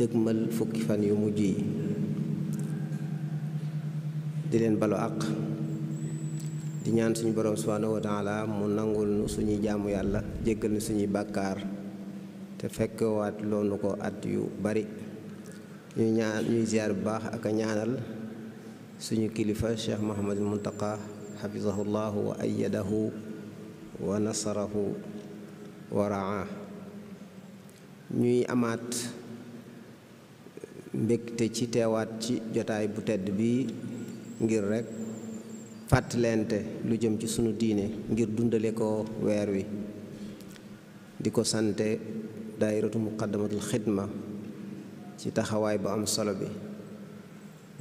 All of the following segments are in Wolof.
dëgmal fukki fan yu mujj yi di leen balu àq di ñaan suñu borom subhaanahu wa taala mu nangu suñuy jaamu yàlla jéggal nu suñuy bàkkaar te fekkewaat loonu ko at yu bari ñuy ñaan bu baax ak a ñaanal suñu kilifa cheikh Mouhamadul Muntaqa xafizahu llahu wa ayadahu wa nasarahu wa raa ñuy amaat mbégte ci teewaat ci jotaay bu tedd bii ngir rekk fàttalente lu jëm ci sunu diine ngir dundale ko weer wi di ko sante daayiratu muqaddamatul xidma ci taxawaay bu am solo bi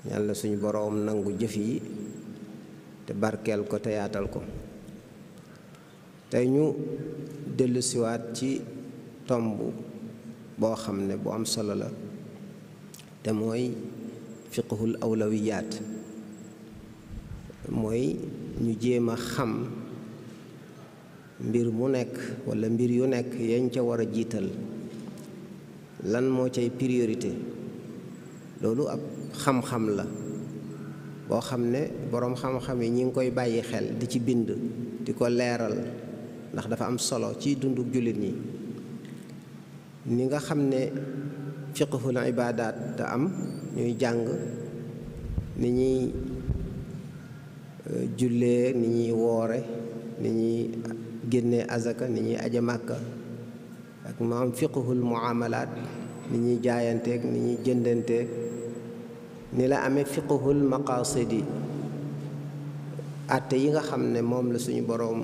yàlla suñu boroom nangu jëf yi te barkeel ko te yaatal ko tey ñu dellusiwaat ci tomb boo xam ne bu am solo la te mooy fiqhul awlawiyaat mooy ñu jéem a xam mbir mu nekk walla mbir yu nekk yañ ca war a jiital lan moo cay priorité loolu ab xam-xam la boo xam ne boroom xam-xam yi ñi ngi koy bàyyi xel di ci bind di ko leeral ndax dafa am solo ci dundu jullit yi ni nga xam ne fiqhul ibaadaat am ñuy jàng ni ñuy euh, jullee ni ñuy woore ni ñuy génnee azaka ni ñuy aje màkka ak mu am fiqhul muamalaat ni ñuy jaayanteek ni ñuy jëndanteeg ni la amee fiqhul maqaasidi àtte yi nga xam ne moom la suñu boroom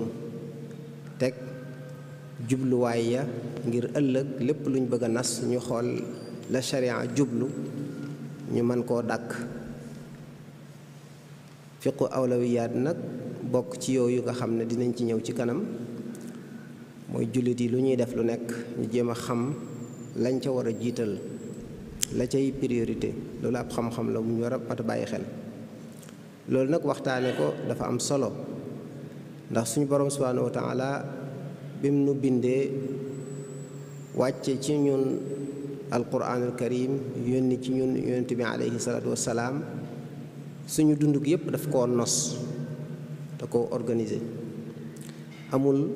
teg jubluwaay ya ngir ëllëg lépp luñ bëgg a nas ñu xool la sharia jublu ñu mën koo dàkk fiqu awlawiyaat nag bokk ci yooyu nga xam ne dinañ ci ñëw ci kanam mooy jullit yi lu ñuy def lu nekk ñu jéem a xam lañ ca war a jiital la cay priorité loolu ab xam-xam la mu ñu war a mat bàyyi xel loolu nag waxtaane ko dafa am solo ndax suñu borom subhanahu wa taala bim nu bindee wàcce ci ñun alquranul karim yónni ci ñun yonent bi aleyhi salaatu wassalaam suñu dundu gi yépp daf koo nos te ko organiser amul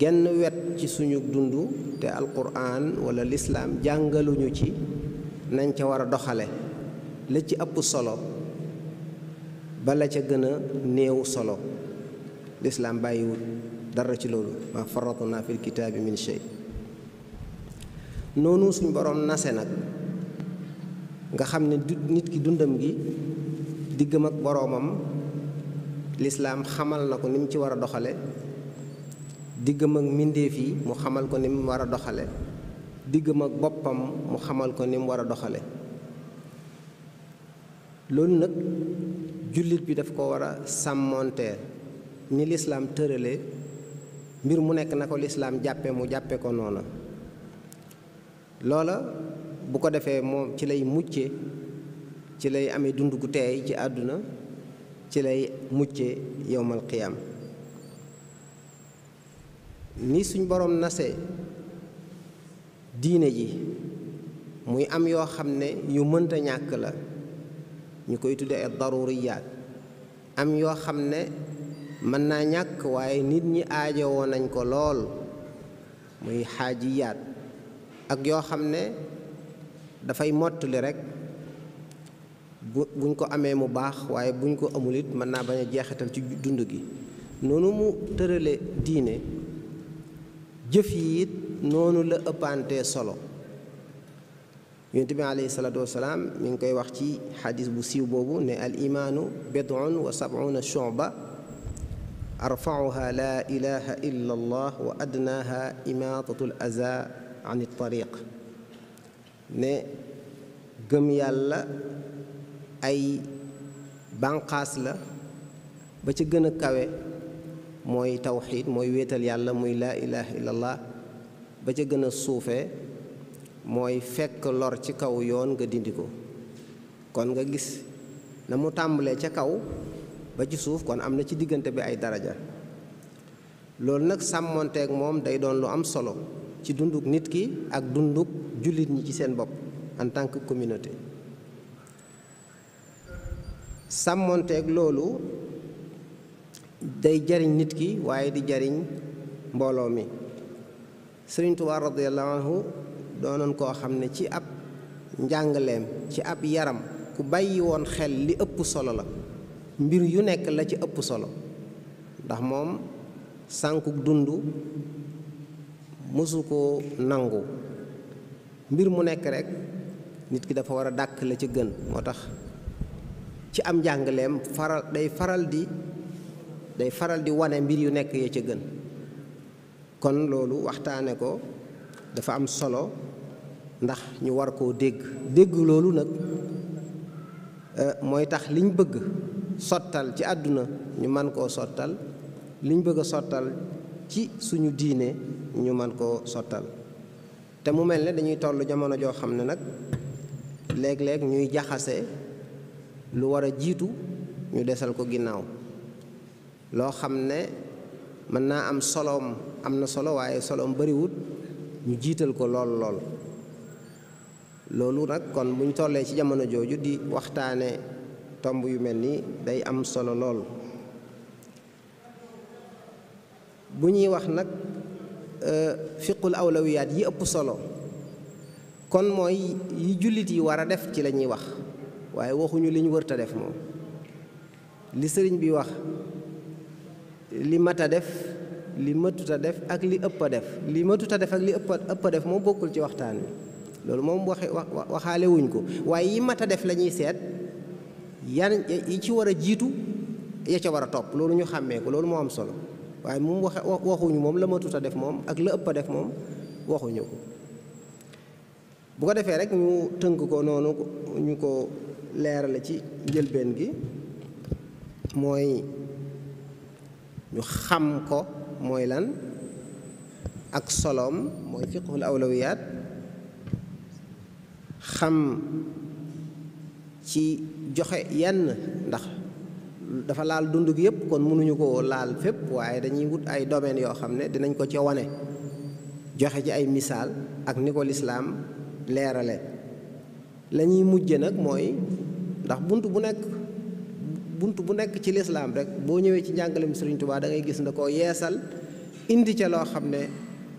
genn wet ci suñu dundu te alquran wala lislaam jàngaluñu ci nañ ca war a doxale la ci ëpp solo bala ca gën a néew solo lislaam bàyyiwul dara ci loolu ma faratna fil kitaabi min shay noonu suñ borom nase nag nga xam ne nit ki dundam gi diggam ak boroomam lislaam xamal na ko ni ci war a doxale diggam ak mbindéef yi mu xamal ko ni mu war a doxale diggam ak boppam mu xamal ko ni mu war a doxale loolu nag jullit bi daf ko war a sàmmonteel ni lislaam tërale mbir mu nekk na ko lislaam jàppe mu jàppe ko noona loola bu ko defee moom ci lay muccee ci lay ame dund gu teey ci àdduna ci lay mucce yowmal qiyaam ni suñ boroom nase diine ji muy am yoo xam ne yu mënta ñàkk la ñu koy tudde ay daruriyaat am yoo xam ne mën naa ñàkk waaye nit ñi aajo nañ ko lool muy yaat ak yoo xam ne dafay mottali rekk bu buñ ko amee mu baax waaye buñ ko amul it mën naa bañ a jeexital ci dund gi noonu mu tërale diine jëf yiit it noonu la ëppantee solo yonent bi alayhi salaatu mi ngi koy wax ci xadis bu siiw boobu ne al imaanu bid'un wa sab'una shu'ba arfa'uha la ilaha illa allah wa adnaha imaatatu al aza anit tariq ne gëm yàlla ay banqaas la ba ci gën a kawe mooy tawxiit mooy wéetal yàlla muy laa ilaha illallah ba ca gën a suufee mooy fekk lor ci kaw yoon nga dindi ko kon nga gis na mu tàmbalee ca kaw ba ci suuf kon am na ci diggante bi ay daraja loolu nag sàmmonteeg moom day doon lu am solo ci dunduk nit ki ak dunduk jullit ñi ci seen bopp en tant que communauté sàmmonteeg loolu day jariñ nit ki waaye di jariñ mbooloo mi Sëriñ Tuubaa radiyallahu anhu doonoon koo xam ne ci ab njàngaleem ci ab yaram ku bàyyi woon xel li ëpp solo la mbir yu nekk la ci ëpp solo ndax moom sànkuk dund mësu koo nangu mbir mu nekk rek nit ki dafa war a dàkk la ca gën moo tax ci am njàngaleem faral day faral di day faral di wane mbir yu nekk yee ca gën kon loolu waxtaane ko dafa am solo ndax ñu war koo dégg dégg loolu nag euh, mooy tax liñ bëgg sottal ci àdduna ñu man koo sottal liñ bëgg sottal ci suñu diine ñu mën koo sottal te mu mel ne dañuy tollu jamono joo xam ne nag léeg-léeg ñuy jaxase lu war a jiitu ñu desal ko ginnaaw loo xam ne mën naa am soloom am na solo waaye soloom bariwut ñu jiital ko lool lool loolu nag kon bu ñu tollee ci jamono jooju di waxtaane tomb yu mel ni day am solo lool bu ñuy wax nag Euh, fiqul awlawiyaat yi ëpp solo kon mooy yi jullit yi war a def ci la ñuy wax waaye waxuñu li ñu def moom li sëriñ bi wax li mat a def li mëtut a def ak li ëpp def li mëtut a def li ëpp ëpp def moom bokkul ci waxtaan wi loolu moom waxe waxaale ko waaye yi mat a def lañuy seet yan yi ci war a jiitu ya ca war a topp loolu ñu xàmmee ko loolu moo am solo waaye moom waxe waxuñu moom la ma tuta def moom ak la ëpp def moom waxuñu ko bu ko defee rek ñu tënk ko noonu ñu ko leerale ci njëlbeen gi mooy ñu xam ko mooy lan ak soloom mooy fiqhul awlawiyaat xam ci joxe yenn ndax dafa laal dund gi yëpp kon mënuñu ko laal fépp waaye dañuy wut ay domaines yoo xam ne dinañ ko ci wane joxe ci ay misaal ak ni ko lislaam leerale la ñuy mujje nag mooy ndax bunt bu nekk bunt bu nekk ci lislaam rek boo ñëwee ci njàngalem Sëriñ Tuubaa da ngay gis ne ko yeesal indi ca loo xam ne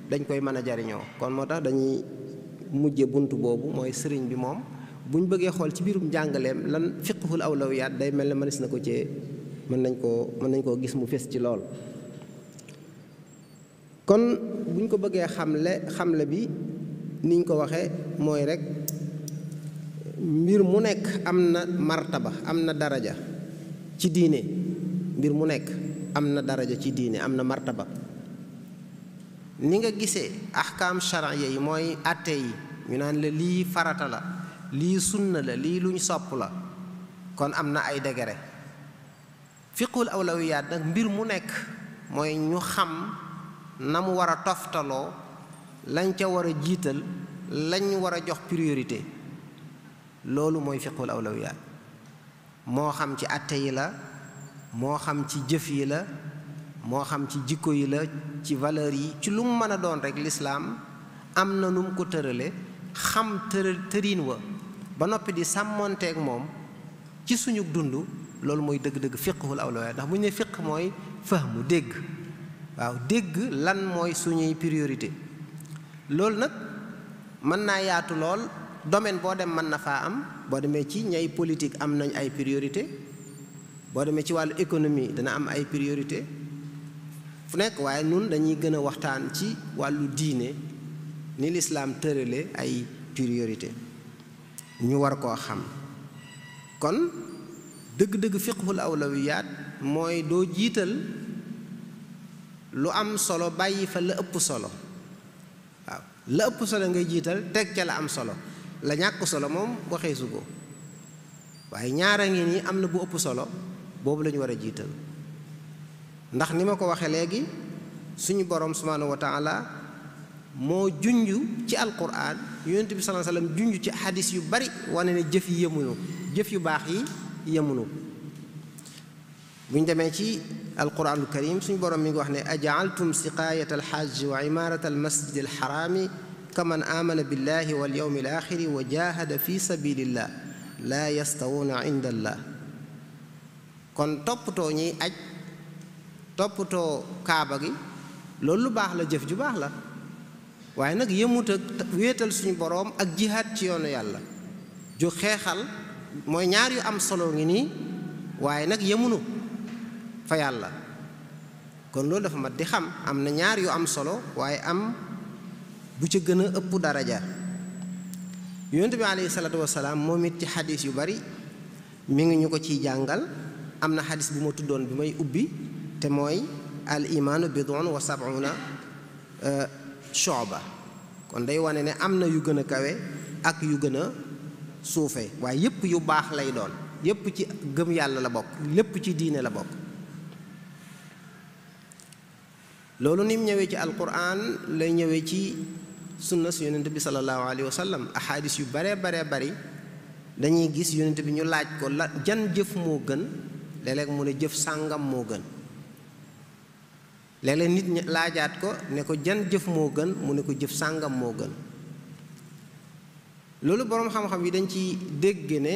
dañ koy mën a jariñoo kon moo tax dañuy mujje bunt boobu mooy sëriñ bi moom bu ñu bëggee xool ci biirum njàngaleem lan fiqhul awlawiyaat day mel ne mënees na ko cee mën nañ koo mën nañ koo gis mu fees ci lool kon bu ñu ko bëggee xamle xamle bi niñ ko waxee mooy rek mbir mu nekk am na martaba am na daraja ci diine mbir mu nekk am na daraja ci diine am na martaba ni nga gisee ahkaam charia yi mooy atte yi ñu naan la lii farata la lii sunna la lii ñu sopp la kon am na ay degré fiqul awlawiyaat nag mbir mu nekk mooy ñu xam na mu war a toftaloo lañ ca war a jiital lañ war a jox priorité loolu mooy fiqul awlawiyaat moo xam ci atte yi la moo xam ci jëf yi la moo xam ci jikko yi la ci valeur yi ci lu mu mën a doon rek lislaam am na nu mu ko tërale xam tër tëriin wa ba noppi di sàmmonteeg moom ci suñu dund loolu mooy dëgg-dëgg fiqhul awlawiya ndax bu ñu ne fiq mooy fahmu dégg waaw dégg lan mooy suñuy priorité loolu nag mën naa yaatu lool domaine boo dem mën na faa am boo demee ci ñay politique am nañ ay priorité boo demee ci wàllu économie dana am ay priorité fu nekk waaye nun dañuy gën a waxtaan ci wàllu diine ni lislaam tërale ay priorité ñu war koo xam kon dëgg-dëgg fiqhul awlawiyaat mooy doo jiital lu am solo bàyyi fa la ëpp solo waaw la ëpp solo ngay jiital teg ca la am solo la ñàkk solo moom waxee su ko waaye ñaara ngi nii am na bu ëpp solo boobu la war a jiital ndax ni ma ko waxee léegi suñu borom subhaanahu wa taala moo junj ci alquran yonent bi sallallahu alayhi wasallam junj ci xadis yu bari wane ne jëf yi yemuñu jëf yu baax yi yemuñu bu ñu demee ci alquranul karim suñu borom mi ngi wax ne ajaaltum siqaayata alxajji wa imaarata almasjid alxaraami kaman aamana billahi wal yawmi alaaxiri wa jaahada fi sabilillah laa yastawuuna inda allah kon toppatoo ñiy aj toppatoo kaaba gi loolu lu baax la jëf ju baax la waaye nag yëmut ak wéetal suñu boroom ak jihaad ci yoonu yàlla ju xeexal mooy ñaar yu am solo ngi nii waaye nag yëmunu fa yàlla kon loolu dafa mat di xam am na ñaar yu am solo waaye am bu ca gën a ëpp daraja yonent bi aleyhi salaatu wasalaam moom it ci xadis yu bari mu ngi ñu ko ciy jàngal am na xadis bu ma tuddoon bi may ubbi te mooy al imaanu bidon wa sabuna euh, ba kon day wane ne am na yu gën a kawe ak yu gën a suufe waaye yépp yu baax lay doon yépp ci gëm yàlla la bokk lépp ci diine la bokk loolu ni mu ñëwee ci alquran lay ñëwee ci sunna yonent bi sallallahu alayhi wa sallam ahadis yu baree baree bari dañuy gis yonent bi ñu laaj ko la jan jëf moo gën léeg-léeg mu ne jëf sàngam moo gën léeg-léeg nit ñi laajaat ko ne ko jan jëf moo gën mu ne ko jëf sàngam moo gën loolu boroom xam-xam yi dañ ci dégg ne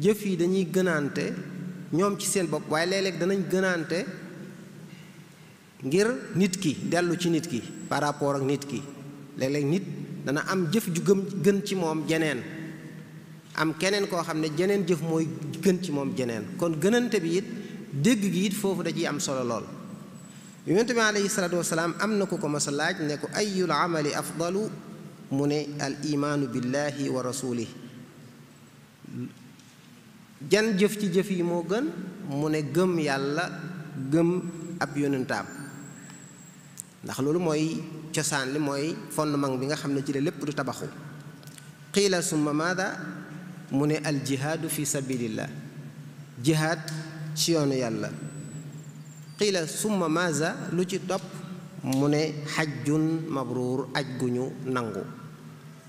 jëf yi dañuy gënaante ñoom ci seen bopp waaye léeg-léeg danañ gënaante ngir nit ki dellu ci nit ki par rapport ak nit ki léeg nit dana am jëf ju gëm gën ci moom jeneen am keneen koo xam ne jeneen jëf mooy gën ci moom jeneen kon gënante bi it dégg gi it foofu da am solo lool yonent bi aleyhi am na ko ko mas laaj ne ko ayul amali afdalu mu ne al imaanu billahi wa rasulih jan jëf ci jëf yi moo gën mu ne gëm yàlla gëm ab yonentaam ndax loolu mooy cosaan li mooy fondement bi nga xam ne ci lépp du tabaxu qiila summa maada mu ne al jihaadu fi la jihaad ci yoonu yàlla qiila summa maza lu ci topp mu ne xaj xajjun mabruur aj gu ñu nangu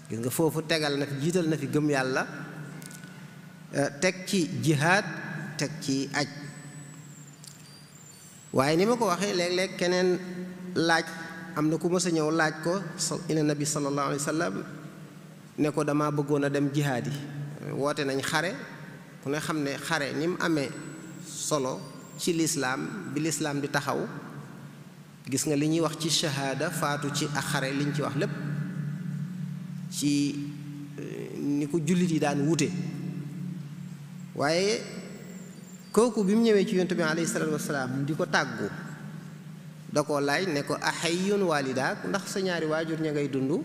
gis nga foofu tegal na fi jiital na fi gëm yàlla eh, teg ci jihaad teg ci aj waaye ni ma ko waxee léeg-léeg keneen laaj am na ku mës a ñëw laaj ko ila nabi sallallahu alayhi wa sallam ne ko dama bëggoon a dem jihaad yi woote nañ xare ku ne xam ne xare ni mu amee solo ci lislaam bi lislaam di taxaw gis nga li ñuy wax ci shahaada faatu ci axare liñ ci wax lépp ci eh, ni ko jullit yi daan wute waaye kooku bi mu ñëwee ci yontu bi alayhi salaatu wasalaam di ko tàggu da ko laaj ne ko axayun waalidaak ndax sa ñaari waajur ña ngay dund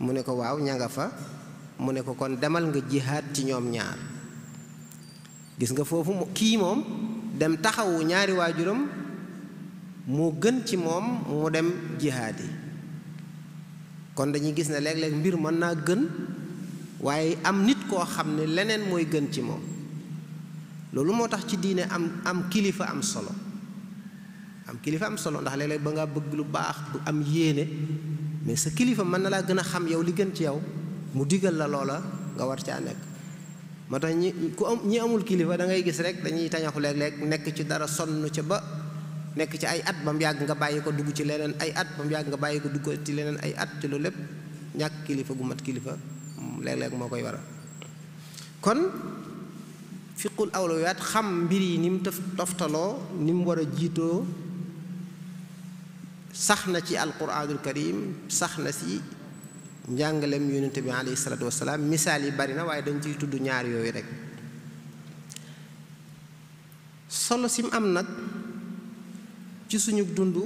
mu ne ko waaw ña nga fa mu ne ko kon demal nga jihaad ci ñoom ñaar gis nga foofu kii moom dem taxawu ñaari waajuram moo gën ci moom mu dem jihaad yi kon dañuy gis ne léeg-léeg mbir mën naa gën waaye am nit koo xam ne leneen mooy gën ci moom loolu moo tax ci diine am am kilifa am solo am kilifa am solo ndax léeg-léeg ba nga bëgg lu baax bu am yéene mais sa kilifa mën na laa gën a xam yow li gën ci yow mu digal la loola nga war caa nekk moo tax ñi ku am ñi amul kilifa da ngay gis rek dañuy tañaxu léeg nekk ci dara sonn ca ba nekk ci ay at ba mu yàgg nga bàyyi ko dugg ci leneen ay at ba yàgg nga bàyyi ko dugg ci leneen ay at ci lépp ñàkk kilifa gu mat kilifa léeg-léeg moo koy waral kon fiqul awlawiyaat xam mbir yi ni mu toftaloo ni mu war a jiitoo sax na ci alquranul karim sax na si njàngaleem yonente bi alayhi salaatu wasalaam misaal yi bari na waaye dañ ciy tudd ñaar yooyu rek solo sim am nag ci suñu dund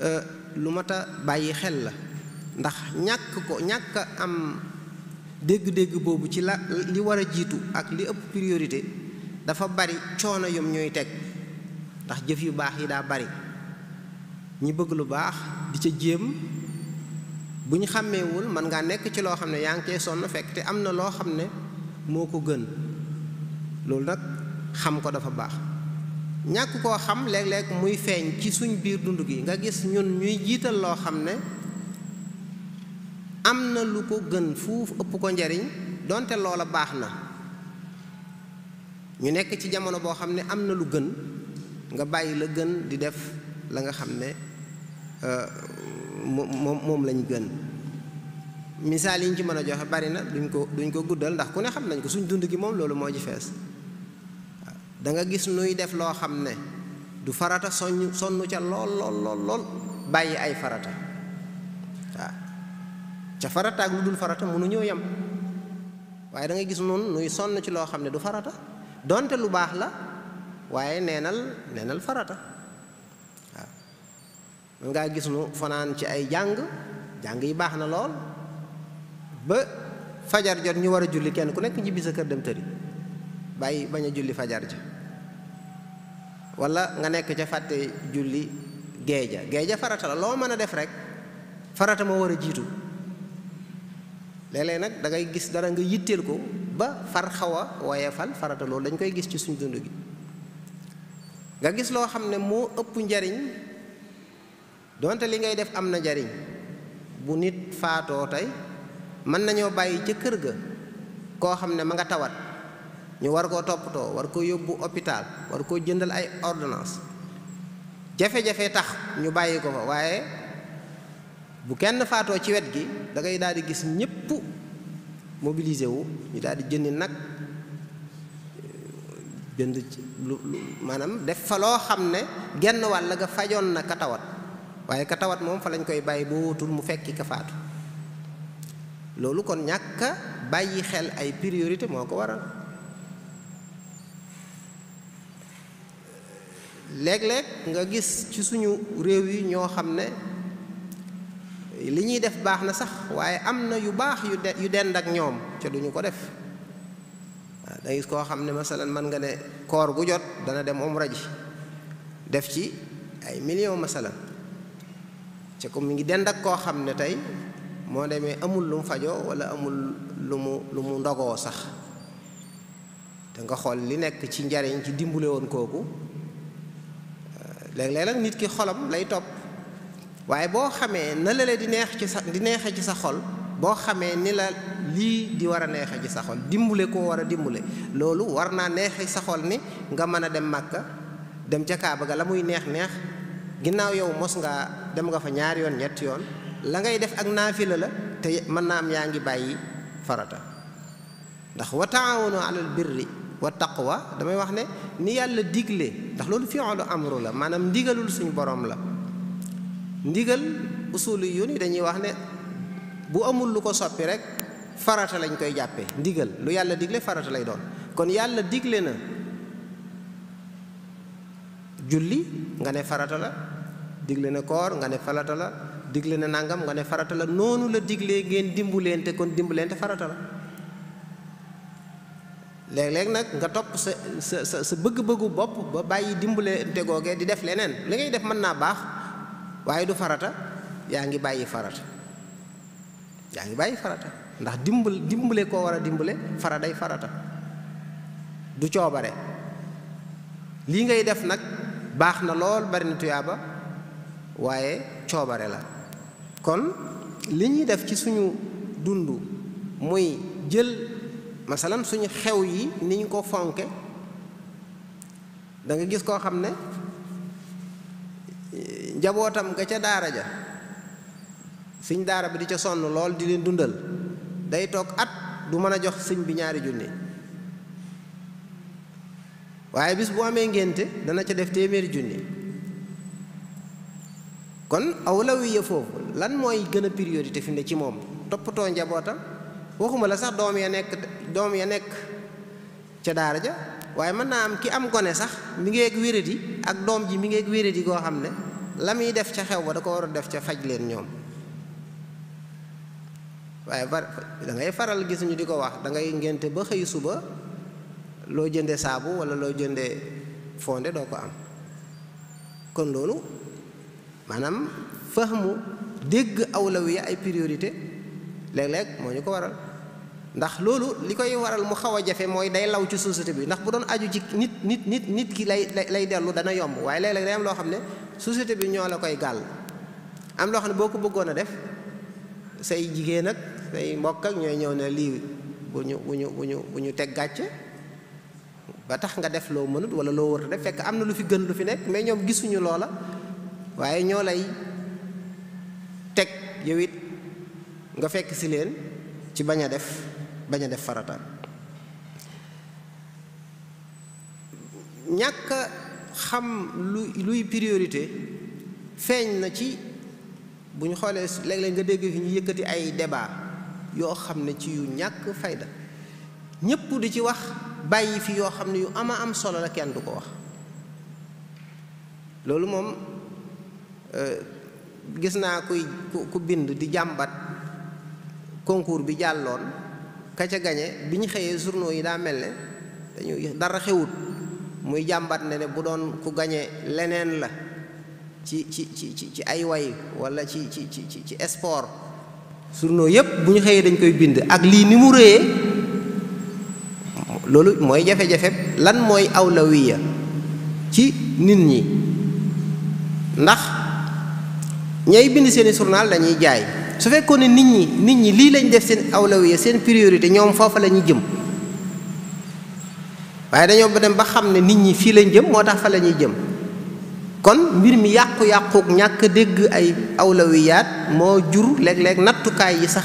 euh, lu mat a bàyyi xel la ndax ñàkk ko ñàkk am dégg-dégg boobu ci la li war a jiitu ak li ëpp priorité dafa bari coono yoom ñooy teg ndax jëf yu baax yi daa bari ñi bëgg lu baax di ca jéem bu ñu xàmmeewul man ngaa nekk ci loo xam ne yaa ngi kay sonn fekk te am na loo xam ne moo ko gën loolu nag xam ko dafa baax ñàkk koo xam léeg-léeg muy feeñ ci suñu biir dund gi nga gis ñun ñuy jiital loo xam ne am na lu ko gën fuuf ëpp ko njariñ donte loola baax na ñu nekk ci jamono boo xam ne am na lu gën nga bàyyi la gën di def la nga xam ne euh, moom moom lañ gën misaal yi ñu ci mën a joxe bari na duñ ko duñ ko guddal ndax ku ne xam nañ ko suñ dund gi moom loolu moo ci fees waaw da gis nuy def loo xam ne du farata soññ sonn ca lool lool lool bàyyi ay farata waaw ca farataak lu dul farata mënu ñëw yem waaye da gis noonu nuy sonn ci loo xam ne du farata donte lu baax la waaye neenal neenal farata mën ngaa gis nu fanaan ci ay jàng jàng yi baax na lool ba fajar jot ñu war a julli kenn ku nekk njibbi sa kër dem tëri bàyyi bañ a julli fajar ja wala nga nekk ca fàtte julli géeja géeja farata la loo mën a def rek farata moo war a jiitu léeg nag dangay gis dara nga yitteel ko ba far xaw a woyefal farata loolu dañ koy gis ci suñ dund gi nga gis loo xam ne moo ëpp njariñ donte li ngay def am na njariñ bu nit faatoo tey mën nañoo bàyyi ca kër ga koo xam ne ma nga tawat ñu war koo toppatoo war ko yóbbu hôpital war koo jëndal ay ordonnance jafe-jafe tax ñu bàyyi ko fa waaye bu kenn faatoo ci wet gi dangay ngay daal di gis ñépp mobilisé wu ñu daal jëndi nag jënd lu maanaam def fa loo xam ne genn wàll nga fajoon na ka tawat waaye ka tawat moom fa lañ koy bàyyi boo wutul mu fekki ka faatu loolu kon ñàkk bàyyi xel ay priorité moo ko waral léeg-léeg nga gis ci suñu réew yi ñoo xam ne li ñuy def baax na sax waaye am na yu baax yu de yu dend ak ñoom ca duñu ko def waaw da gis koo xam ne masalan mën nga ne koor gu jot dana dem umra ji def ci ay millions masalan ci ko mi ngi dend ak koo xam ne tey moo demee amul lu mu fajoo wala amul lu mu lu mu ndogoo sax te nga xool li nekk ci njariñ ci dimbule woon kooku léeg-léeg nag nit ki xolam lay topp waaye boo xamee na la di neex ci sa di neexe ci sa xol boo xamee ni la lii di war a neexe ci sa xol dimbule koo war a dimbule loolu war naa neexe sa xol ni nga mën a dem màkka dem ca kaaba ga la muy neex neex ginnaaw yow mos ngaa dem nga fa ñaari yoon ñetti yoon la ngay def ak naafila la te mën naa am yaa ngi bàyyi farata ndax wa taawanu alal birri wa taqwa damay wax ne ni yàlla digle ndax loolu fi'lu amru la maanaam ndigalul suñu borom la ndigal usuli yu dañuy wax ne bu amul lu ko soppi rek farata lañ koy jàppee ndigal lu yàlla digle farata lay doon kon yàlla digle na julli nga ne farata la digle ne koor nga ne farata la digle ne nangam nga ne farata la noonu la diglee ngeen dimbuleente kon dimbuleente farata la léeg-léeg nag nga topp sa sa sa bëgg-bëggu bopp ba bàyyi dimbuleente googee di def leneen li ngay def mën naa baax waaye du farata yaa ngi bàyyi farata yaa ngi bàyyi farata ndax dimbal dimbale koo war a dimbale faraday farata du coobare lii ngay def nag baax na lool bari na tuyaaba waaye coobare la kon li ñuy def ci suñu dund muy jël masalan suñu xew yi ni ñu ko fonke danga gis koo xam ne njabootam nga ca daara ja suñ daara bi di ca sonn lool di leen dundal day toog at du mën a jox sëñ bi ñaari junni waaye bis bu amee ngénte dana ca def téeméeri junni kon awlawiya foofu lan mooy gën a priorité fi ne ci moom toppatoo njabootam waxuma la sax doom ya nekk doom ya nekk ca daara ja waaye mën naa am ki am gone sax mi ngi ak wéradi ak doom ji mi ngi ak wéradi koo xam ne la muy def ca xew ba da ko war a def ca faj leen ñoom waaye far da faral gis ñu di ko wax dangay ngénte ba xëy suba loo jënde saabu walla loo jënde fonde doo ko am kon loolu maanaam fahmu dégg awlawiya ay priorité léeg-léeg moo ñu ko waral ndax loolu li koy waral mu xaw a jafe mooy day law ci société bi ndax bu doon aju ci nit nit nit nit ki lay lay dellu dana yomb waaye léeg-léeg day am loo xam ne société bi ñoo la koy gàll am loo xam ne boo ko bëggoon a def say jigéen ak say mbokk ak ñooy ñëw ne lii bu ñu bu ñu bu ñu teg gàcce ba tax nga def loo mënut wala loo war def fekk am na lu fi gën lu fi nekk mais ñoom gisuñu loola waaye ñoo lay teg yow nga fekk si leen ci bañ a def bañ a def faratal ñàkk xam lu luy priorité feeñ na ci bu ñu xoolee léeg-léeg nga dégg fi ñu yëkkati ay débat yoo xam ne ci yu ñàkk fayda ñépp di ci wax bàyyi fi yoo xam ne yu ama am solo la kenn du ko wax loolu moom Eh, gis naa kuy ku bind di jàmbat concours bi jàlloon ka bi ñu xëyee journaux yi daa mel ne dañu dara xewut muy jàmbat ne ne bu doon ku gañe leneen la ci ci ci ci ay way walla ci ci ci ci sport journaux yëpp bu ñu xëyee dañ koy bind ak lii ni mu rëyee loolu mooy jafe-jafe lan mooy awlawiya ci nit ñi ndax ñay bind seen i journal dañuy jaay su fekkoon ne nit ñi nit ñi lii lañ def seen awlawiya seen priorité ñoom foofa la ñu jëm waaye dañoo dem ba xam ne nit ñi fii lañ jëm moo tax fa la ñuy jëm kon mbir mi yàqu-yàquuk ñàkk dégg ay awlawiyaat moo jur léeg-léeg nattukaay yi sax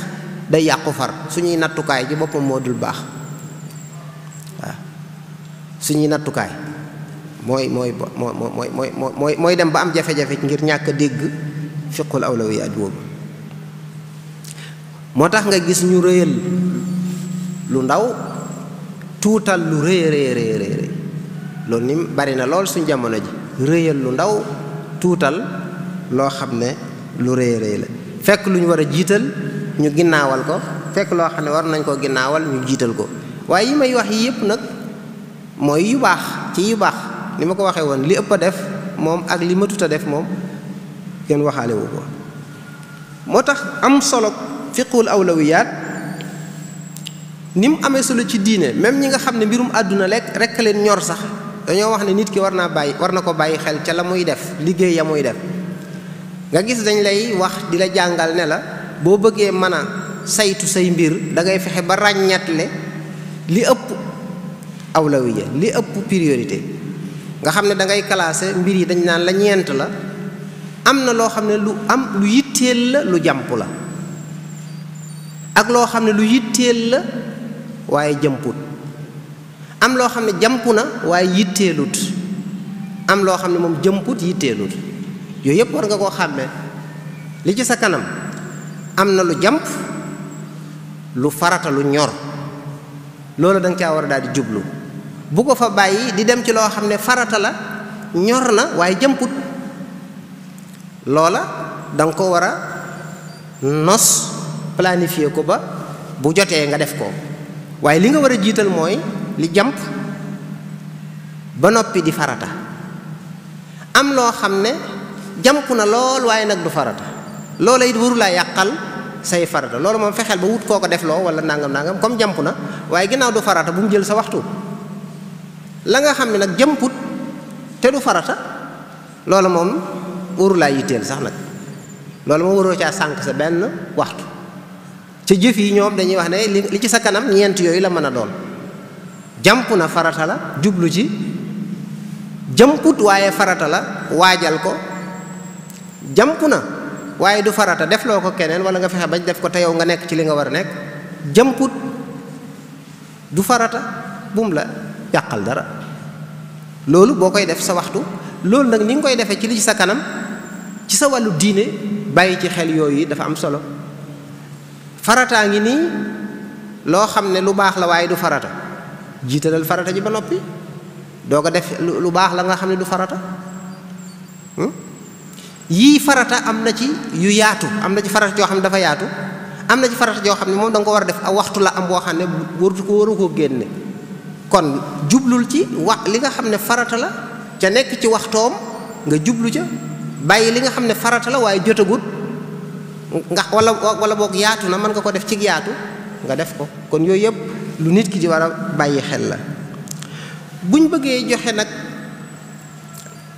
day yàqu far suñuy nattukaay ji boppam moo dul baax waaw suñuy nattukaay mooy mooy mooy mooy mooy mooy mooy dem ba am jafe-jafe ngir ñàkk dégg fiqul awlawiyaat boobu moo tax nga gis ñu réyal lu ndaw tuutal lu rëy loolu ni bari na lool suñ jamono ji réyal lu ndaw tuutal loo xam ne lu rëy rëy la fekk lu ñu war a jiital ñu ginnaawal ko fekk loo xam ne war nañ koo ginnaawal ñu jiital ko waaye yi may wax yi yëpp nag mooy yu baax ci yu baax ni ma ko waxee woon li ëpp a def moom ak li ma tut a def moom kenn waxaale wu ko moo tax am solo fiqul awlawiyaat ni mu amee solo ci diine même ñi nga xam ne mbirum àdduna lekk rekk leen ñor sax dañoo wax ne nit ki war naa bàyyi war na ko bàyyi xel ca la muy def liggéey ya muy def nga gis dañ lay wax di la jàngal ne la boo bëggee mën saytu say mbir da ngay fexe ba ràññatle li ëpp awlawiya li ëpp priorité nga xam ne dangay ngay classé mbir yi dañ naan la ñeent la am na loo xam ne lu am lu yitteel la lu jàmp la ak loo xam ne lu yitteel la waaye jëmput am loo xam ne jàmp na waaye yitteelut am loo xam ne moom jëmput yitteelut yooyu yëpp war nga koo xàmme li ci sa kanam am na lu jàmp lu farata lu ñor loolu da nga caa war a daal di jublu bu ko fa bàyyi di dem ci loo xam ne farata la ñor na waaye jëmput loola da nga ko war a nos planifier ko ba bu jotee nga def ko waaye li nga war a jiital mooy li jàmp ba noppi di farata am loo xam ne jàmp na lool waaye nag du farata loola it waru laa yàqal say farata loolu moom fexeel ba wut koo ko def loo wala nangam nangam comme jàmp na waaye ginnaaw du farata bu mu jël sa waxtu la nga xam ne nag jàmput te du farata loolu moom waru laa yitteel sax nag loolu moom waroo caa sànq sa benn waxtu ca jëf yi ñoom dañuy wax ne li ci sa kanam ñeent yooyu la mën a doon jàmp na farata la jublu ci jàmput waaye farata la waajal ko jàmp na waaye du farata def loo ko keneen wala nga fexe bañ def ko te yow nga nekk ci li nga war a nekk jàmput du farata bum la yàqal dara loolu boo koy def sa waxtu loolu nag ni nga koy defee ci li ci sa kanam ci sa wàllu diine bàyyi ci xel yooyu dafa am solo farataa ngi nii loo xam ne lu baax la waaye du farata jiitalal farata ji ba noppi doo ko def lu baax la nga xam ne du farata hmm? yii farata am na ci yu yaatu am na ci farata joo xam ne dafa yaatu am na ci farata xam ne moom da nga ko war a def a waxtu la am boo xam ne waru ko waru koo génne kon jublul ci wax li nga xam ne farata la ca nekk ci waxtoom nga jublu ca bàyyi li nga xam ne farata la waaye jotagut nga walla wala boog yaatu na mën nga ko def ci yaatu nga def ko kon yooyu yëpp lu nit ki di war a bàyyi xel la buñ bëggee joxe nag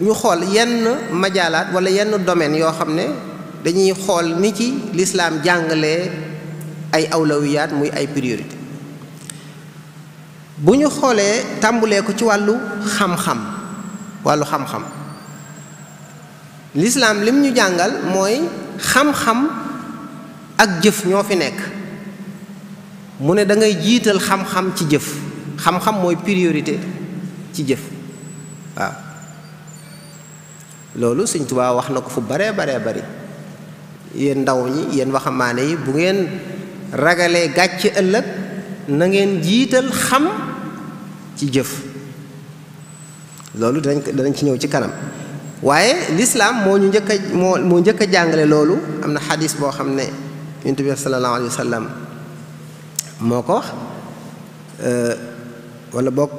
ñu xool yenn majaalaat wala yenn domaine yoo xam ne dañuy xool ni ci lislaam jàngalee ay awlawiyaat muy ay priorité bu ñu xoolee tàmbulee ko ci wàllu xam-xam wàllu xam-xam lislaam lim ñu jàngal mooy xam-xam ak jëf ñoo fi nekk mu ne dangay jiital xam-xam ci jëf xam-xam mooy priorité ci jëf waaw loolu Sëñ Tuubaa wax na ko fu baree baree bari yéen ndaw ñi yéen waxambaane yi bu ngeen ragalee gàcc ëllëg na ngeen jiital xam ci jëf loolu danañ danañ ci ñëw ci kanam waaye lislaam moo ñu njëkk a moo moo njëkk jàngale loolu am na xadis boo xam ne yonent bi sallallahu moo ko wax euh, wala boog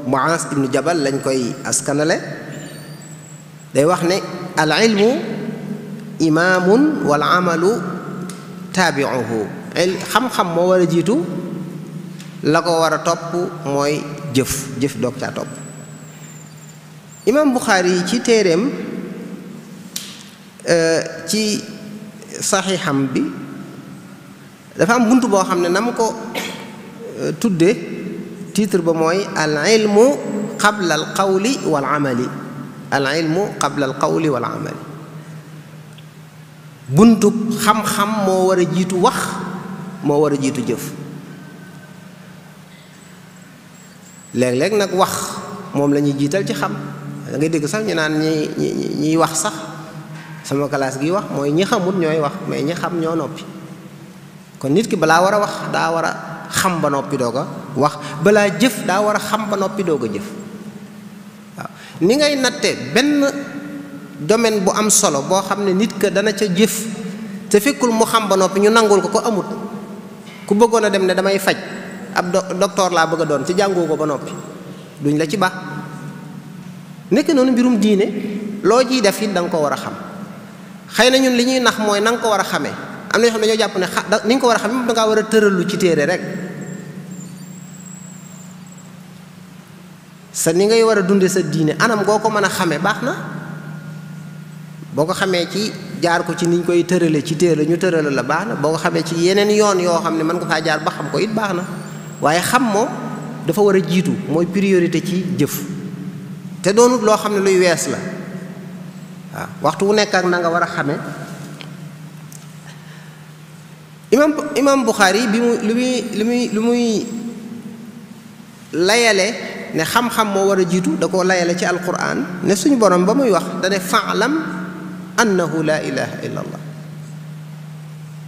lañ koy askanale day wax ne al ilmu imaamun wal amalu xam-xam moo war a jiitu la ko war a topp mooy jëf jëf doog caa topp imaam Buxaari ci téereem Euh, ci saxiixam bi dafa am bunt boo xam ne na mu ko euh, tudde titre ba mooy al ilmu qabla al qawli wal amali al ilmu qabla al qawli wal amali buntub xam-xam moo war a jiitu wax moo war a jiitu jëf léeg-léeg nag wax moom la jiital ci xam da dégg sax ñu naan ñi ñi ñiy wax sax sama classe gi wax mooy ñi xamut ñooy wax mais ñi xam ñoo noppi kon nit ki balaa war a wax daa war a xam ba noppi doog a wax balaa jëf daa war a xam ba noppi doog a jëf waaw ni ngay natte benn domaine bu am solo boo xam ne nit ka dana ca jëf te fekkul mu xam ba noppi ñu nangul ko ko amut ku bëggoon a dem ne damay faj ab docteur laa bëgg a doon ci jàngoo ko ba noppi duñ la ci baax nekk noonu mbirum diine loo jiy def it da nga ko war a xam xëy na ñun li ñuy nax mooy nanga ko war a xamee am na ñoo xam ne dañoo jàpp ne xa ni nga ko war a xamee moom da ngaa war ci téere sa ni ngay war a dunde sa diine anam goo ko mën a xamee baax na boo ko xamee ci jaar ko ci niñ koy tërale ci téere ñu tërale la baax na boo ko xamee ci yeneen yoon yoo xam ne mën nga faa jaar ba xam ko it baax na waaye xam moom dafa war a jiitu mooy priorité ci jëf te doonut loo xam ne luy wees la waaw waxtu wu nekk ak na nga war a xame imam imam Buxaari bi mu lu muy lu muy lu muy layale ne xam-xam moo war a jiitu da ko layale ci alquran ne suñu borom ba muy wax dane faalam annahu laa ilaha illa allah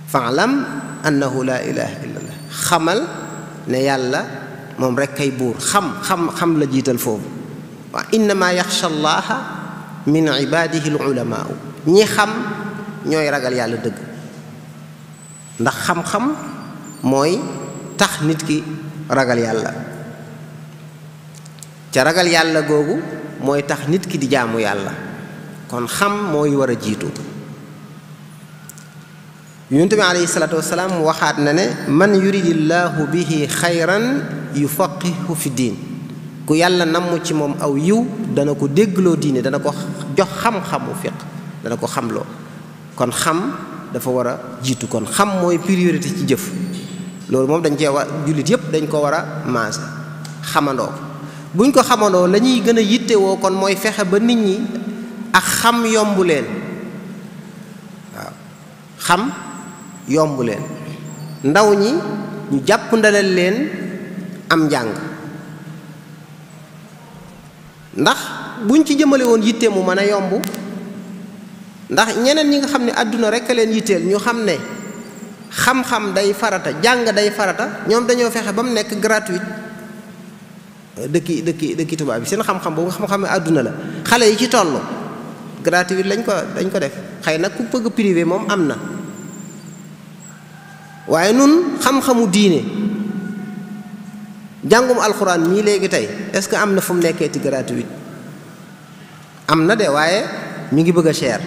faalam allah xamal ne yàlla moom rek kay buur xam xam xam la jiital foofu waa innama yaxsha allaha min ibaadihi al ulamaa ñi xam ñooy ragal yàlla dëgg ndax xam-xam mooy tax nit ki ragal yàlla ca ragal yàlla googu mooy tax nit ki di jaamu yàlla kon xam mooy war a jiitu yonent bi aleyhi salaatu wasalaam waxaat na ne man yuridillahu bihi xayran yufaqihu fi diin ku yàlla namm ci moom aw yiw dana ko déggloo diine dana ko jox xam-xamu fiq dana ko xamloo kon xam dafa war a jiitu kon xam mooy priorité ci jëf loolu moom dañ cee war jullit yëpp dañ ko war a maase xamandoo buñ ko xamandoo lañuy gën a yittewoo kon mooy fexe ba nit ñi ak xam yombuleen waaw xam yomb leen ndaw ñi ñu jàpp ndalal leen am njàng ndax buñ ci jëmalee woon yitte mu mën a yomb ndax ñeneen ñi nga xam ne àdduna rek a leen yitteel ñu xam ne xam-xam day farata jàng day farata ñoom dañoo fexe ba mu nekk gratuite dëkki dëkki dëkki tubaab bi seen xam-xam boobu xam-xam ne àdduna la xale yi ci toll gratuite lañ ko dañ ko def xëy nag ku bëgg privé moom am na waaye nun xam-xamu diine jàngum alxuraan mii léegi tey est-ce que am na fu mu nekkee ci gratuit am na de waaye mi ngi bëgg a cher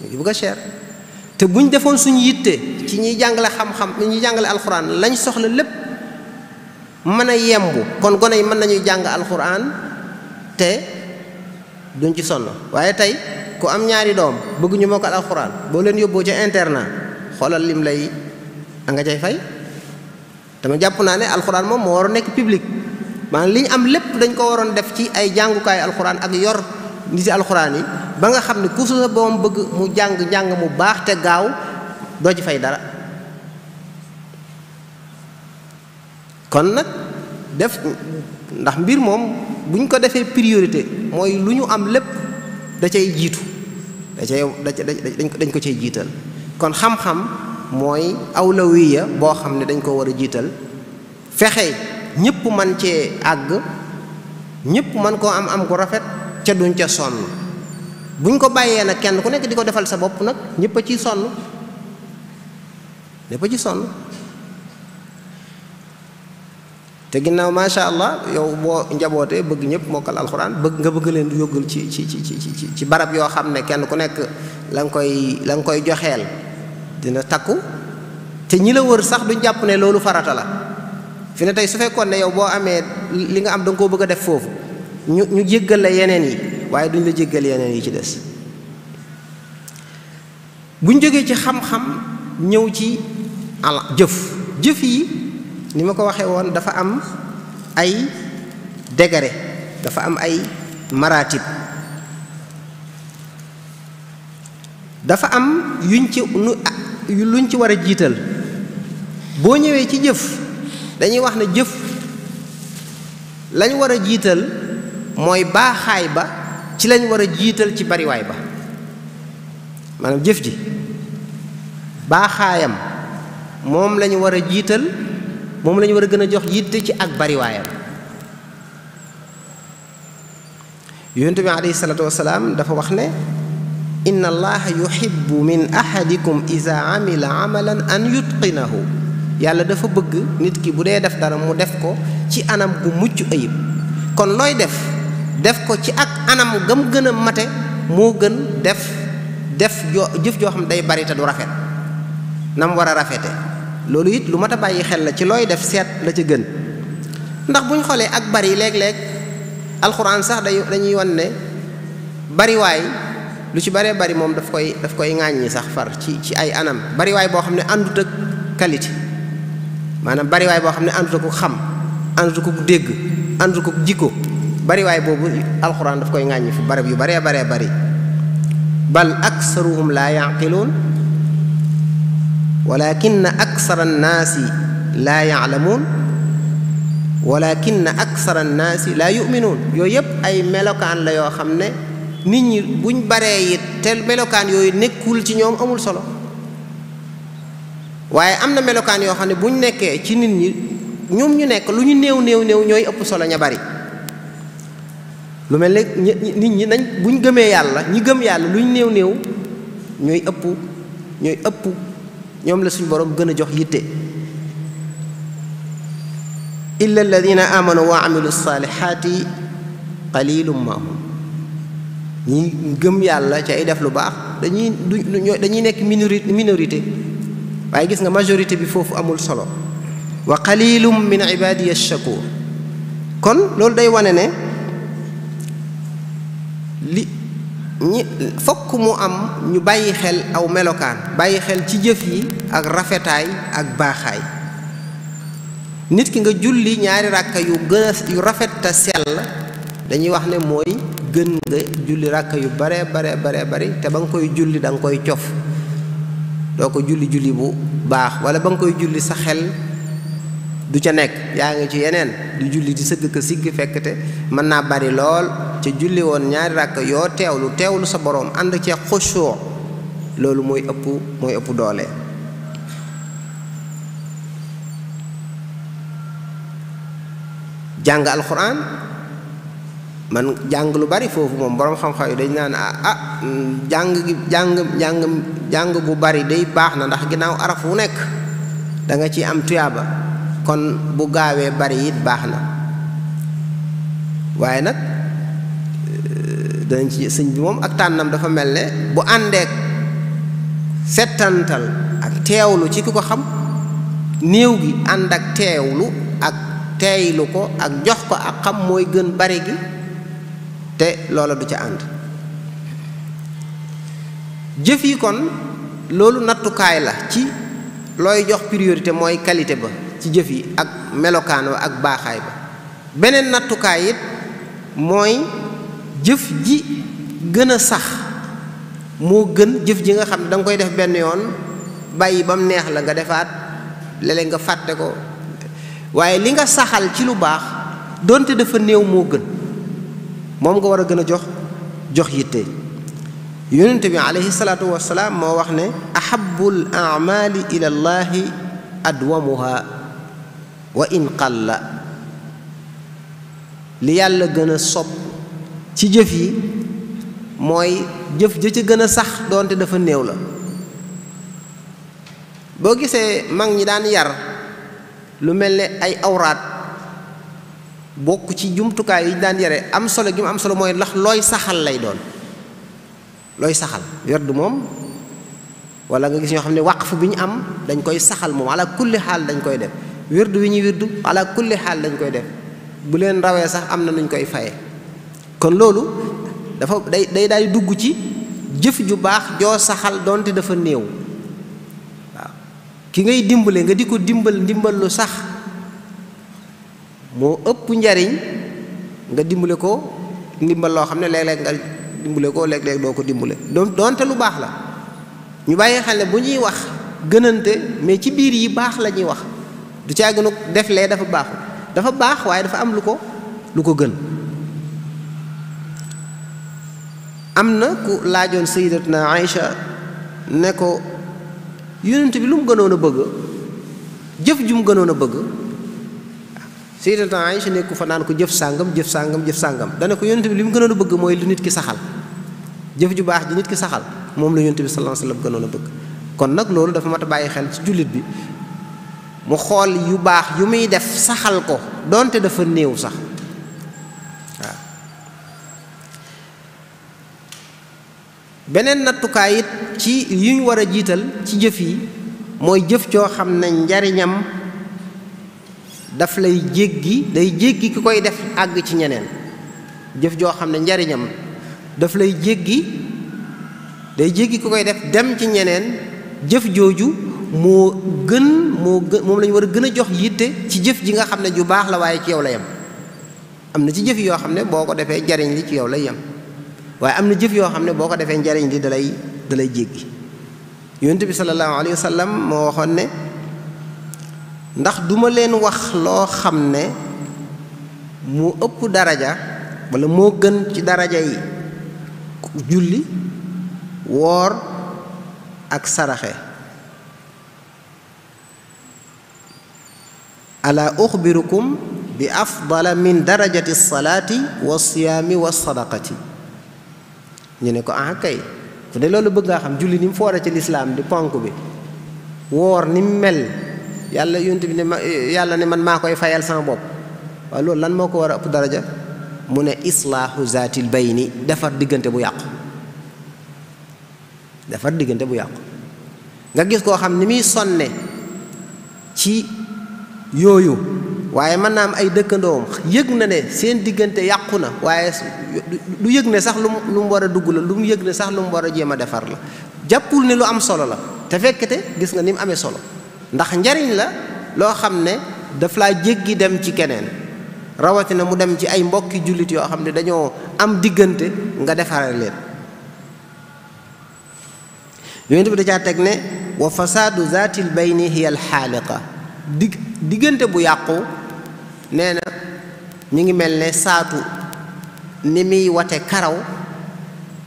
mi ngi bëgg a cher te buñ defoon suñu yitte ci ñuy jàngale xam-xam ñuy jàngale alxuraan lañ soxla lépp mën a yemb kon gone yi mën nañuy jàng alxuraan te duñ ci sonn waaye tey ku am ñaari doom bëgg ñu mokkal alxuraan boo leen yóbboo ca internat xoolal lim lay a nga cay fay. dama jàpp naa ne alxuraan moom moo war a nekk public maanaam li ñu am lépp dañ ko waroon def ci ay jàngukaay alxuraan ak yor nit si alxuraan yi ba nga xam ne ku sa boom bëgg mu jàng jàng mu baax te gaaw doo ci fay dara kon nag def ndax mbir moom bu ñu ko defee priorité mooy lu ñu am lépp da cay jiitu da cay da dañ ko cay jiital kon xam-xam mooy awlawiya boo xam ne dañ ko war a jiital fexe ñëpp man cee àgg ñëpp man koo am am ku rafet ca duñ ca sonn buñ ko bàyyee nag kenn ku nekk di ko defal sa bopp nag ñëpp a ciy sonn ñëpp ci sonn te ginnaaw macha allah yow boo njabootee bëgg ñëpp mokkal alxuraan bëgg nga bëgg leen yóggul ci ci ci ci ci barab yoo xam ne kenn ku nekk la nga koy la nga koy joxeel dina takku te ñi la wër sax du jàpp ne loolu farata la fi ne tey su fekkoon ne yow boo amee li nga am da koo bëgg a def foofu ñu ñu jéggal la yeneen yi waaye duñ la jéggal yeneen yi ci des buñ jógee ci xam-xam ñëw ci ala jëf jëf yi ni ma ko waxee woon dafa am ay degare dafa am ay maratib dafa am yuñ ci nu yu luñ ci war a jiital boo ñëwee ci jëf dañuy wax ne jëf lañu war a jiital mooy baaxaay ba ci lañu war a jiital ci bariwaay ba maanaam jëf ji baaxaayam moom lañu war a jiital moom lañu war a gën a jox yitte ci ak bariwaayam yonent bi alayhi salaatu wasalaam dafa wax ne inna allaha yuhibbu min ahadikum isa amila amalan an yutqinahu yàlla dafa bëgg nit ki bu dee def dara mu def ko ci anam bu mucc ayib kon looy def def ko ci ak anam gam gën a mate moo gën def def jo jëf joo xam day bari te du rafet na mu war a rafete loolu it lu mat a bàyyi xel la ci looy def seet la ca gën ndax bu ñu xoolee ak bari léeg-léeg alxuraan sax day dañuy ne bariwaay lu ci baree bari moom daf koy daf koy ŋàññi sax far ci ci ay anam bariwaay boo xam ne àndut ak qualité maanaam bariwaay boo xam ne àndut ak xam àndut ak dégg àndut ak jikko bariwaay boobu alxuraan daf koy ŋàññi fi barab yu baree baree bari bal aksaruhum laa yaqiluun walakinna aksara annaasi laa yaalamuun walakinna aksara annaasi laa yuminuun yooyu yëpp ay melokaan la yoo xam ne nit ñi buñ baree it te melokaan yooyu nekkul ci ñoom amul solo waaye am na melokaan yoo xam ne buñ nekkee ci nit ñi ñoom ñu nekk lu ñu néew néew néew ñooy ëpp solo ña bari lu mel ne nit ñi nañ buñ gëmee yàlla ñi gëm yàlla lu néew néew ñooy ëpp ñooy ëpp ñoom la suñu borom gën a jox yitte illa alladina amanu wa amilu salihaati qalilum ma ñi gëm yàlla ci ay def lu baax dañuy du dañuy nekk minorité minorité waaye gis nga majorité bi foofu amul solo wa qalilum min ibadiya shakur kon loolu day wane ne li ñi fokk mu am ñu bàyyi xel aw melokaan bàyyi xel ci jëf yi ak rafetaay ak baaxaay nit ki nga julli ñaari ràkk yu gën yu rafet te sell dañuy wax ne mooy gën nga julli ràkk yu bare bare bare bari te ba nga koy julli danga koy cof doo ko julli julli bu baax wala ba nga koy julli sa xel du ca nekk yaa ngi ci yeneen di julli di sëgg ka sigg fekk te mën naa bari lool ca julli woon ñaari ràkk yoo teewlu teewlu sa boroom ànd cee xusoo loolu mooy ëpp mooy ëpp doole jàng alxuraan man jàng lu bari foofu moom borom xam-xam yi dañ naan ah ah jàng gi jàng jàng jàng bu bari day baax na ndax ginnaaw araf wu nekk danga ci am tuyaaba kon bu gaawee bari it baax na waaye nag euh, danañ ci sëñ bi moom ak tànnam dafa mel ne bu àndeek settantal ak teewlu ci ki ko xam néew gi ànd ak teewlu ak teeylu ko ak jox ko ak xam mooy gën bari gi te loola du ca ànd jëf yi kon loolu nattukaay la ci looy jox priorité mooy qualité ba ci jëf yi ak melokaan ba ak baaxaay ba beneen nattukaay it mooy jëf ji gën a sax moo gën jëf ji nga xam ne danga koy def benn yoon bàyyi bam neex la nga defaat léeg nga fàtte ko waaye li nga saxal ci lu baax donte dafa néew moo gën moom nga war a gën a jox jox yitte yonente bi aleyhi salaatu wasalaam moo wax ne ahabul amali ila adwamuha wa in qalla li yàlla gën a sob ci jëf yi mooy jëf ja ca gën a sax doonte dafa néew la boo gisee mag ñi daan yar lu mel ni ay awraat bokk ci jumtukaay yi ñu daan yare am solo gi mu am solo mooy ndax looy saxal lay doon looy saxal werdu moom wala nga gis ñoo xam ne waqf bi ñu am dañ koy saxal moom ala kulli xaal dañ koy def wird wi ñu wirdu ala kulli xaal dañ koy def bu leen rawee sax am na nuñ koy fayee kon loolu dafa day day daay dugg ci jëf ju baax joo saxal donte dafa néew waaw ki ngay dimbale nga di ko dimbal ndimbal lu sax moo ëpp njariñ nga dimbale ko ndimbal loo xam ne léeg-léeg nga dimbale ko léeg doo ko dimbale doon doonte lu baax la ñu bàyyi xale bu ñuy wax gënante mais ci biir yi baax la ñuy wax du caa gënu def lee dafa baaxul dafa baax waaye dafa am lu ko lu ko gën am na ku laajoon sayidatuna Aïcha ne ko yonent bi lu mu gënoon a bëgg jëf ju mu gënoon a bëgg Sayyidatu Aïcha nekku fa naan ko jëf sàngam jëf sàngam jëf sàngam dana ko yonent bi li mu gënoon a bëgg mooy lu nit ki saxal jëf ju baax ji nit ki saxal moom la yonent bi sallallahu alayhi wasallam a bëgg kon nag loolu dafa a bàyyi ci jullit bi xool yu baax yu muy def saxal ko donte dafa néew sax waaw beneen nattukaay it ci yu ñu war a jiital ci jëf yi mooy jëf coo xam ne njariñam daf lay jéggi day jéggi ki koy def àgg ci ñeneen jëf joo xam ne njariñam daf lay jéggi day jéggi ki koy def dem ci ñeneen jëf jooju moo gën moo gën moom lañu war a gën a jox yitte ci jëf ji nga xam ne ju baax la waaye ci yow la yem am na ci jëf yoo xam ne boo ko defee njariñ li ci yow lay yem waaye am na jëf yoo xam ne boo ko defee njariñ li dalay dalay jéggi yonent bi sallallahu alayhi wa moo waxoon ne ndax duma leen wax loo xam ne mu ëpp daraja wala moo gën ci daraja yi julli woor ak saraxe ala uxbirukum bi afdala min darajati salaati wa siyaami wa sadaqati ñu ne ko ah kay fu de loolu bëgg ngaa xam julli ni mu foore ci lislaam di ponk bi woor ni mu mel yàlla yonent bi ne ma yàlla ne man maa koy fayal sama bopp waaw loolu lan moo ko war a ëpp daraja mu ne islaahu zaatil bayni defar diggante bu yàqu defar diggante bu yàqu nga gis koo xam ni muy sonne ci yooyu waaye man naa am ay dëkkandoom yëg na ne seen diggante yàqu na waaye du yëg ne sax lu mu lu mu war a dugg la lu mu yëg ne sax lu mu war a jéem a defar la jàppul ne lu am solo la te fekkete gis nga ni mu amee solo ndax njariñ la loo xam ne daf laa jéggi dem ci keneen rawatina mu dem ci ay mbokki jullit yoo xam ne dañoo am diggante nga defare leen yonent bi da caa teg ne wa fasaadu zaatil bayni hiya alxaaliqa dig diggante bu yàqu nee na ñu ngi mel ne saatu ni muy wate karaw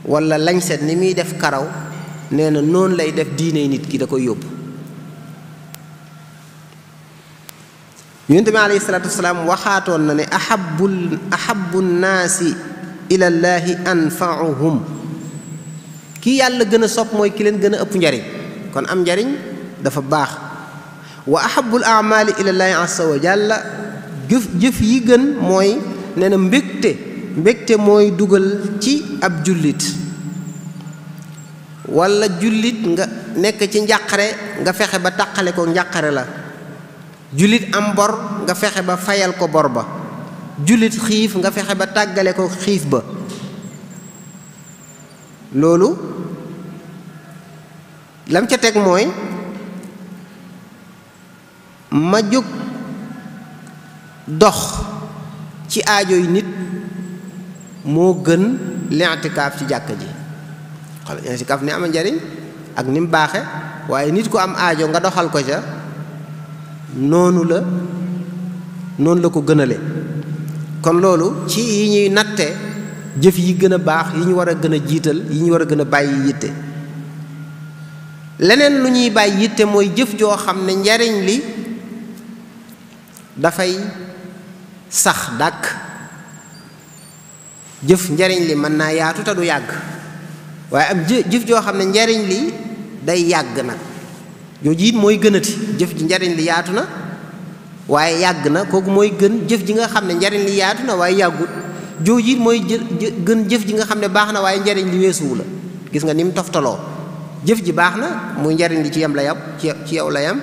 wala lañset ni muy def karaw nee na noonu lay def diine nit ki da koy yóbbu yonent bi alayhi waxaatoon na ne ahabul ahabu nnaasi ilallaahi anfaauhum kii yàlla gën a sopp mooy ki leen gën a ëpp njariñ kon am njariñ dafa baax wa ahabul amali ilallaahi azza wa jalla jëf jëf yi gën mooy nee na mbégte mbégte mooy dugal ci ab jullit wala jullit nga nekk ci njàqare nga fexe ba taqale ko njàqare la jullit am bor nga fexe ba fayal ko bor ba jullit xiif nga fexe ba tàggale ko xiif ba loolu lam ca teg mooy ma jóg dox ci yi nit moo gën lentikaaf ci jàkka ji xam lentikaaf ni am njariñ ak ni mu baaxe waaye nit ku am aajo nga doxal ko ca noonu la noonu la ko gënale kon loolu ci yi ñuy natte jëf yi gën a baax yi ñu war a gën a jiital yi ñu war a gën a bàyyi yitte leneen lu ñuy bàyyi yitte mooy jëf joo xam ne njariñ li dafay sax dàkk jëf njariñ li mën naa yaatu te du yàgg waaye am jëf joo xam ne njariñ li day yàgg na jooju it mooy gënati jëf ji njariñ li yaatu na waaye yàgg na kooku mooy gën jëf ji nga xam ne njariñ li yaatu na waaye yàggul jooju it mooy gën jëf ji nga xam ne baax na waaye njariñ li weesuwu la gis nga ni mu toftaloo jëf ji baax na muy njariñ li ci yem la yam ci yow la yam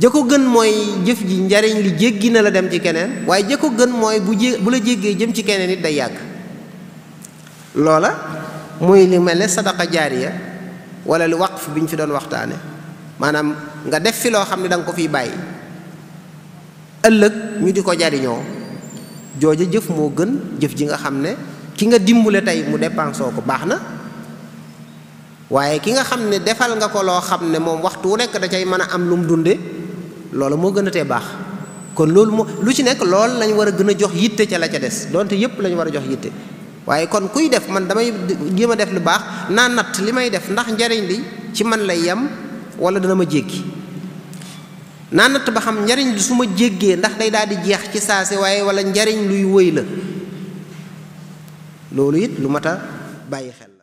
jëkko gën mooy jëf ji njariñ li jéggi na la dem ci keneen waaye ja gën mooy bu jé bu la jéggee jëm ci keneen it day yàgg loola muy li mel ne sadaqa jaariya wala lu waqf bi fi doon waxtaane maanaam nga def fi loo xam ne danga ko fi bàyyi ëllëg ñu di ko jariñoo jooja jëf moo gën jëf ji nga xam ne ki nga dimbale tey mu dépensoo ko baax na waaye ki nga xam ne defal nga ko loo xam ne moom waxtu wu nekk da cay mën a am lu mu dunde loolu moo gën a tee baax kon loolu moo lu ci nekk lool lañu war a gën a jox yitte ca la ca des donte yépp lañ war a jox yitte waaye kon kuy def man damay jéem a def lu baax naa natt li may def ndax njariñ li ci man lay yem wala dana ma jéggi naa natt ba xam njariñ li su ma jéggee ndax day daal di jeex ci saa si waaye wala njariñ luy wëy la loolu it lu mat a bàyyi xel